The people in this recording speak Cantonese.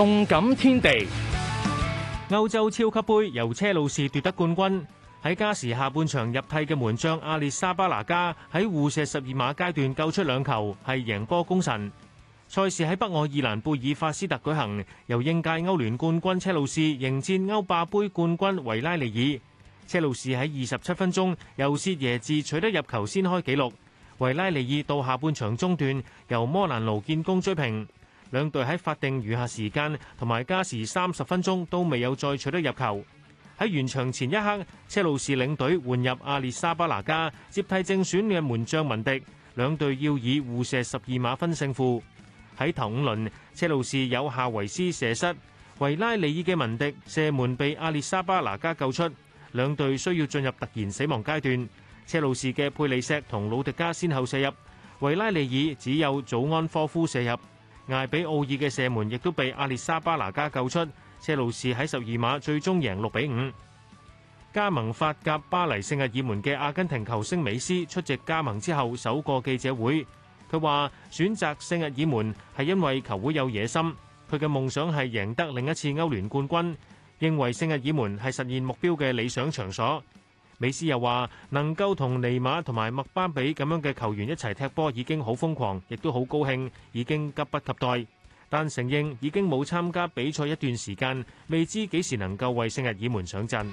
動感天地，歐洲超級盃由車路士奪得冠軍。喺加時下半場入替嘅門將阿列沙巴拿加喺互射十二碼階段救出兩球，係贏波功臣。賽事喺北愛爾蘭貝爾法斯特舉行，由應屆歐聯冠，冠軍車路士迎戰歐霸杯冠軍維拉利爾。車路士喺二十七分鐘由薛耶治取得入球，先開紀錄。維拉利爾到下半場中段由摩蘭奴建功追平。兩隊喺法定餘下時間同埋加時三十分鐘都未有再取得入球。喺完場前一刻，車路士領隊換入阿列沙巴拿加接替正選嘅門將文迪，兩隊要以互射十二碼分勝負。喺頭五輪，車路士有夏維斯射失，維拉利爾嘅文迪射門被阿列沙巴拿加救出。兩隊需要進入突然死亡階段。車路士嘅佩利錫同魯迪加先後射入，維拉利爾只有祖安科夫射入。艾比奧爾嘅射門亦都被阿列沙巴拿加救出，車路士喺十二碼最終贏六比五。加盟法甲巴黎聖日耳門嘅阿根廷球星美斯出席加盟之後首個記者會，佢話選擇聖日耳門係因為球會有野心，佢嘅夢想係贏得另一次歐聯冠軍，認為聖日耳門係實現目標嘅理想場所。美斯又話：能夠同尼馬同埋麥巴比咁樣嘅球員一齊踢波已經好瘋狂，亦都好高興，已經急不及待。但承認已經冇參加比賽一段時間，未知幾時能夠為聖日耳門上陣。